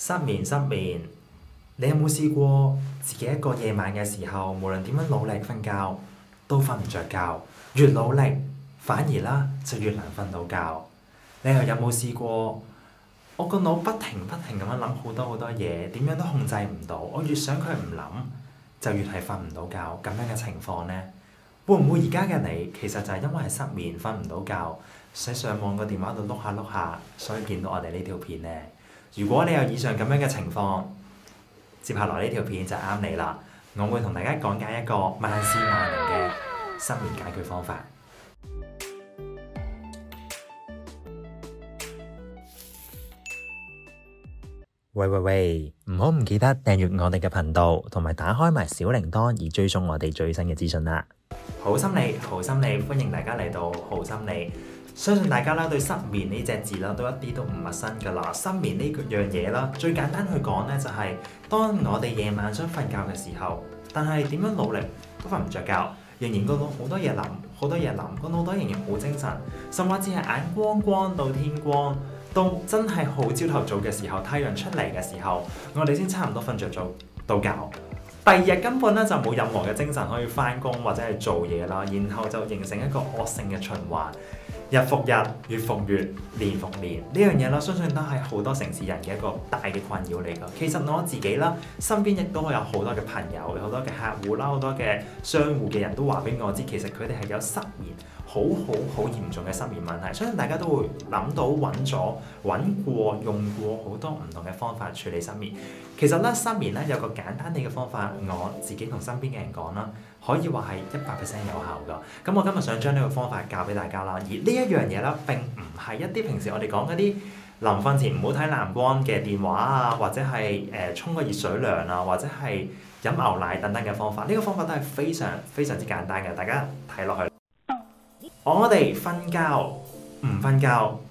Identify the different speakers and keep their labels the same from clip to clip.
Speaker 1: 失眠失眠，你有冇試過自己一個夜晚嘅時候，無論點樣努力瞓覺都瞓唔着覺，越努力反而啦就越難瞓到覺。你又有冇試過我個腦不停不停咁樣諗好多好多嘢，點樣都控制唔到，我越想佢唔諗，就越係瞓唔到覺。咁樣嘅情況呢，會唔會而家嘅你其實就係因為係失眠，瞓唔到覺，喺上網個電話度碌下碌下，下，所以見到我哋呢條片呢？如果你有以上咁樣嘅情況，接下來呢條片就啱你啦！我會同大家講解一個萬試萬靈嘅失眠解決方法。喂喂喂，唔好唔記得訂閱我哋嘅頻道，同埋打開埋小鈴鐺，以追蹤我哋最新嘅資訊啦！豪心理，豪心理，歡迎大家嚟到豪心理。相信大家啦，對失眠呢隻字啦，都一啲都唔陌生㗎啦。失眠呢樣嘢啦，最簡單去講呢，就係當我哋夜晚想瞓覺嘅時候，但係點樣努力都瞓唔着覺，仍然個腦好多嘢諗，好多嘢諗，個腦袋仍然好精神，甚或淨係眼光光到天光，到真係好朝頭早嘅時候，太陽出嚟嘅時候，我哋先差唔多瞓着咗到覺，第二日根本咧就冇任何嘅精神可以返工或者係做嘢啦，然後就形成一個惡性嘅循環。日復日，月復月，年復年，呢樣嘢啦，相信都係好多城市人嘅一個大嘅困擾嚟㗎。其實我自己啦，身邊亦都有好多嘅朋友、好多嘅客戶啦、好多嘅商戶嘅人都話俾我知，其實佢哋係有失眠，好好好嚴重嘅失眠問題。相信大家都會諗到揾咗揾過用過好多唔同嘅方法處理失眠。其實咧，失眠咧有個簡單啲嘅方法，我自己同身邊嘅人講啦。可以話係一百 percent 有效噶。咁我今日想將呢個方法教俾大家啦。而呢一樣嘢咧，並唔係一啲平時我哋講嗰啲臨瞓前唔好睇藍光嘅電話啊，或者係誒沖個熱水涼啊，或者係飲牛奶等等嘅方法。呢個方法都係非常非常之簡單嘅，大家睇落去。 我哋瞓覺唔瞓覺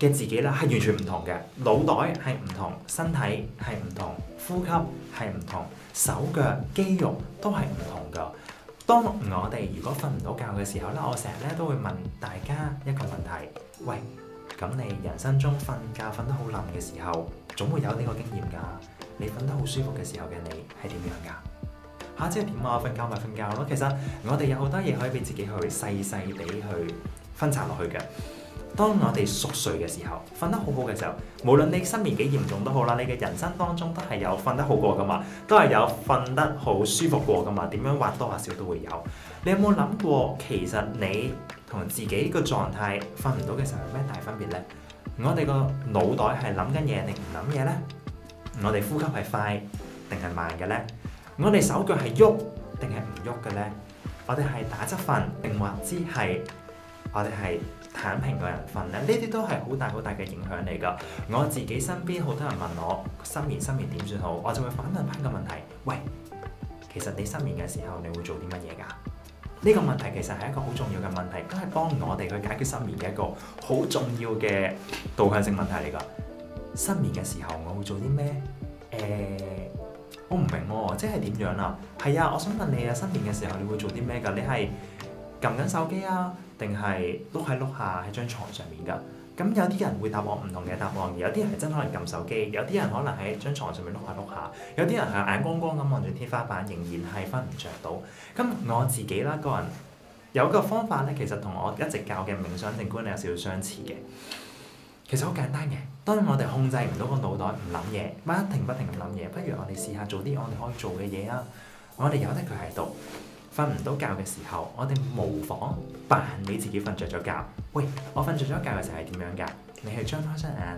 Speaker 1: 嘅自己咧係完全唔同嘅，腦袋係唔同，身體係唔同，呼吸係唔同，手腳肌肉都係唔同嘅。當我哋如果瞓唔到覺嘅時候咧，我成日咧都會問大家一個問題：喂，咁你人生中瞓覺瞓得好冧嘅時候，總會有呢個經驗㗎。你瞓得好舒服嘅時候嘅你係點樣㗎？嚇，啊，即係點啊？瞓覺咪瞓覺咯。其實我哋有好多嘢可以俾自己去細細地去分拆落去嘅。當我哋熟睡嘅時候，瞓得好好嘅時候，無論你失眠幾嚴重都好啦，你嘅人生當中都係有瞓得好過㗎嘛，都係有瞓得好舒服過㗎嘛，點樣或多或少都會有。你有冇諗過，其實你同自己個狀態瞓唔到嘅時候有咩大分別呢？我哋個腦袋係諗緊嘢定唔諗嘢呢？我哋呼吸係快定係慢嘅呢？我哋手腳係喐定係唔喐嘅呢？我哋係打側瞓定或之係我哋係？攤平個人份咧，呢啲都係好大好大嘅影響嚟噶。我自己身邊好多人問我失眠失眠點算好，我就會反問翻一個問題，喂，其實你失眠嘅時候，你會做啲乜嘢㗎？呢個問題其實係一個好重要嘅問題，都係幫我哋去解決失眠嘅一個好重要嘅導向性問題嚟㗎。失眠嘅時候，我會做啲咩？誒，我唔明喎，即係點樣啊？係啊，我想問你啊，失眠嘅時候你會做啲咩㗎？你係？撳緊手機啊，定係碌喺碌下喺張床上面噶。咁有啲人會答我唔同嘅答案，而有啲人係真可能撳手機，有啲人可能喺張床上面碌下碌下，有啲人係眼光光咁望住天花板，仍然係瞓唔着到。咁我自己啦，個人有個方法咧，其實同我一直教嘅冥想定觀念有少少相似嘅。其實好簡單嘅，當我哋控制唔到個腦袋唔諗嘢，不停不停咁諗嘢，不如我哋試下做啲我哋可以做嘅嘢啊。我哋由得佢喺度。瞓唔到覺嘅時候，我哋模仿扮你自己瞓著咗覺。喂，我瞓著咗一覺嘅時候係點樣㗎？你係張開雙眼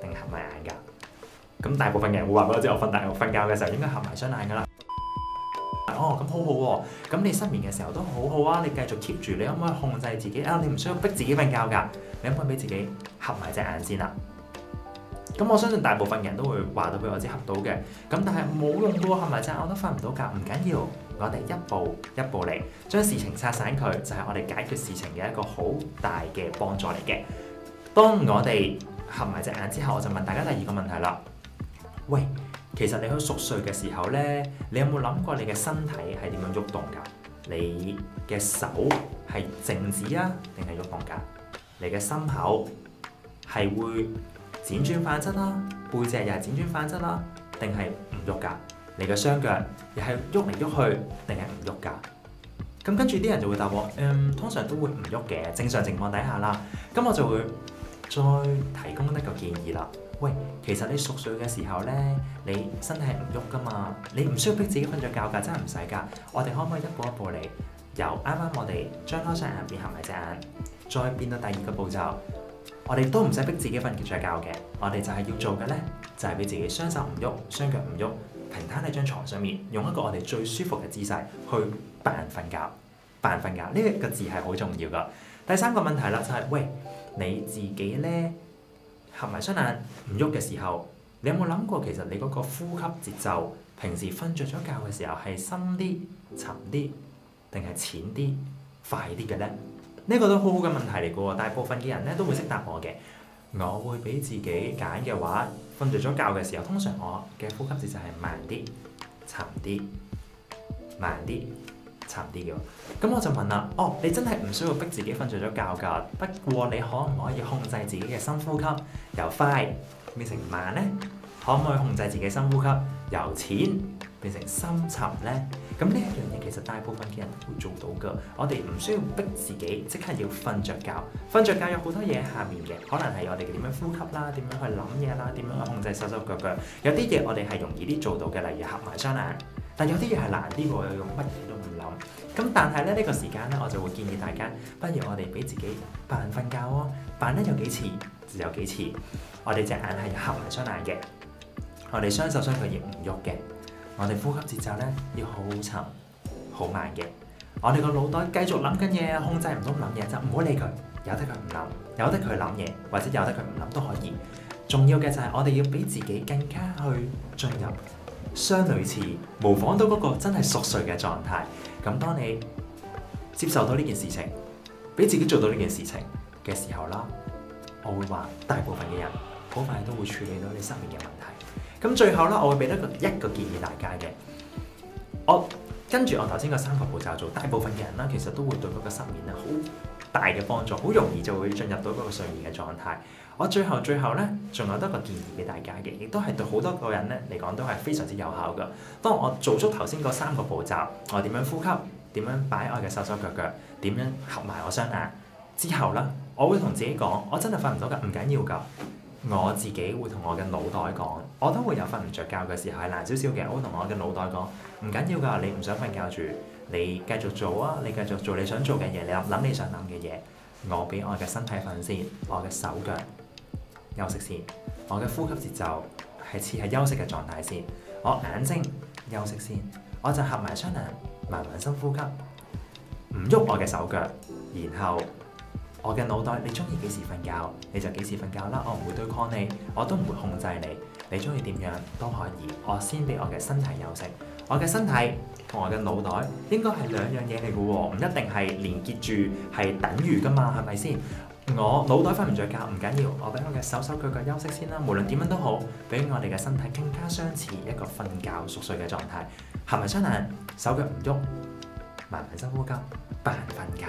Speaker 1: 定合埋眼㗎？咁大部分人會話俾我知我瞓大瞓覺嘅時候應該合埋雙眼㗎啦。哦，咁好好喎。咁你失眠嘅時候都好好啊。你繼續 keep 住，你可唔可以控制自己啊？你唔需要逼自己瞓覺㗎。你可唔可以俾自己合埋隻眼先啊？咁我相信大部分人都會話到俾我知合到嘅。咁但係冇用㗎，合埋隻眼我都瞓唔到覺，唔緊要。我哋一步一步嚟，將事情拆散佢，就係我哋解決事情嘅一個好大嘅幫助嚟嘅。當我哋合埋隻眼之後，我就問大家第二個問題啦。喂，其實你去熟睡嘅時候咧，你有冇諗過你嘅身體係點樣喐動噶？你嘅手係靜止啊，定係喐動噶？你嘅心口係會輾轉反側啦，背脊又係輾轉反側啦，定係唔喐噶？你嘅雙腳又係喐嚟喐去定係唔喐噶？咁跟住啲人就會答我：嗯，通常都會唔喐嘅。正常情況底下啦，咁我就會再提供一個建議啦。喂，其實你熟睡嘅時候咧，你身體唔喐噶嘛，你唔需要逼自己瞓著覺㗎，真係唔使㗎。我哋可唔可以一步一步嚟？由啱啱我哋張開雙眼，變行埋隻眼，再變到第二個步驟，我哋都唔使逼自己瞓著睡覺嘅。我哋就係要做嘅咧，就係俾自己雙手唔喐，雙腳唔喐。平攤喺張床上面，用一個我哋最舒服嘅姿勢去扮瞓覺，扮瞓覺呢個字係好重要噶。第三個問題啦，就係，喂，你自己咧合埋雙眼唔喐嘅時候，你有冇諗過其實你嗰個呼吸節奏，平時瞓着咗覺嘅時候係深啲、沉啲，定係淺啲、快啲嘅咧？呢個都好好嘅問題嚟嘅喎，大部分嘅人咧都會識答我嘅。我會俾自己揀嘅話。瞓着咗覺嘅時候，通常我嘅呼吸時就係慢啲、沉啲、慢啲、沉啲嘅。咁我就問啦，哦，你真係唔需要逼自己瞓着咗覺噶。不過你可唔可以控制自己嘅深呼吸由快變成慢呢？可唔可以控制自己深呼吸由淺變成深沉呢？」咁呢一樣嘢其實大部分嘅人都會做到噶，我哋唔需要逼自己即刻要瞓着覺，瞓着覺有好多嘢喺下面嘅，可能係我哋點樣呼吸啦，點樣去諗嘢啦，點樣去控制手手腳腳，有啲嘢我哋係容易啲做到嘅，例如合埋雙眼，但有啲嘢係難啲喎，我用乜嘢都唔諗。咁但係咧，呢個時間咧，我就會建議大家，不如我哋俾自己扮瞓覺喎、哦，扮得有幾次就有幾次，我哋隻眼係合埋雙眼嘅，我哋雙手雙腳亦唔喐嘅。我哋呼吸節奏咧要好沉、好慢嘅。我哋個腦袋繼續諗緊嘢，控制唔到諗嘢就唔好理佢，由得佢唔諗，由得佢諗嘢，或者由得佢唔諗都可以。重要嘅就係我哋要俾自己更加去進入相類似模仿到嗰個真係熟睡嘅狀態。咁當你接受到呢件事情，俾自己做到呢件事情嘅時候啦，我會話大部分嘅人好快都會處理到你失眠嘅問題。咁最後啦，我會俾一個一個建議大家嘅。我跟住我頭先個三個步驟做，大部分嘅人啦，其實都會對嗰個失眠啊好大嘅幫助，好容易就會進入到嗰個睡眠嘅狀態。我最後最後咧，仲有得個建議俾大家嘅，亦都係對好多個人咧嚟講都係非常之有效㗎。當我做足頭先嗰三個步驟，我點樣呼吸，點樣擺我嘅手手腳腳，點樣合埋我雙眼之後啦，我會同自己講，我真係瞓唔到㗎，唔緊要㗎。我自己會同我嘅腦袋講，我都會有瞓唔着覺嘅時候，係難少少嘅，我同我嘅腦袋講，唔緊要㗎，你唔想瞓覺住，你繼續做啊，你繼續做你想做嘅嘢，你諗你想諗嘅嘢。我俾我嘅身體瞓先，我嘅手腳休息先，我嘅呼吸節奏係似係休息嘅狀態先，我眼睛休息先，我就合埋雙眼，慢慢深呼吸，唔喐我嘅手腳，然後。我嘅腦袋，你中意幾時瞓覺你就幾時瞓覺啦，我唔會對抗你，我都唔會控制你，你中意點樣都可以。我先俾我嘅身體休息，我嘅身體同我嘅腦袋應該係兩樣嘢嚟嘅喎，唔一定係連結住係等於噶嘛，係咪先？我腦袋瞓唔着覺唔緊要，我俾我嘅手手腳腳休息先啦。無論點樣都好，俾我哋嘅身體更加相似一個瞓覺熟睡嘅狀態，合埋雙眼，手腳唔喐，慢慢深呼吸，扮瞓覺。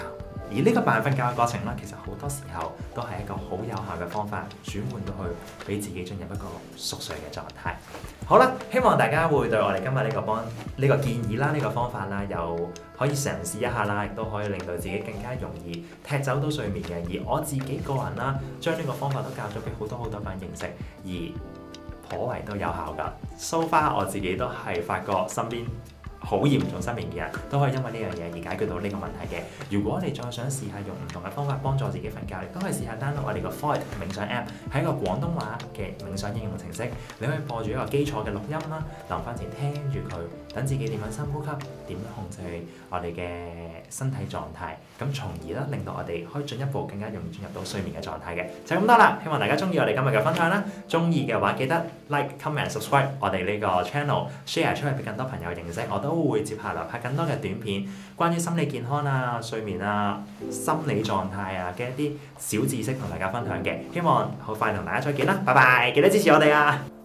Speaker 1: 而呢個扮瞓覺嘅過程咧，其實好多時候都係一個好有效嘅方法，轉換到去俾自己進入一個熟睡嘅狀態。好啦，希望大家會對我哋今日呢個幫呢個建議啦、呢個方法啦，又可以嘗試一下啦，亦都可以令到自己更加容易踢走到睡眠嘅。而我自己個人啦，將呢個方法都教咗俾好多好多班認識，而頗為都有效㗎。So far，我自己都係發覺身邊，好嚴重失眠嘅人都可以因為呢樣嘢而解決到呢個問題嘅。如果你再想試下用唔同嘅方法幫助自己瞓覺，亦都可以試下 download 我哋個 Void 冥想 App，係一個廣東話嘅冥想應用程式。你可以播住一個基礎嘅錄音啦，臨瞓前聽住佢，等自己點樣深呼吸，點樣控制我哋嘅身體狀態，咁從而咧令到我哋可以進一步更加容易進入到睡眠嘅狀態嘅。就咁多啦，希望大家中意我哋今日嘅分享啦。中意嘅話記得 like、comment、subscribe 我哋呢個 channel，share 出去俾更多朋友認識。我都～都會接下來拍更多嘅短片，關於心理健康啊、睡眠啊、心理狀態啊嘅一啲小知識，同大家分享嘅。希望好快同大家再見啦，拜拜！記得支持我哋啊～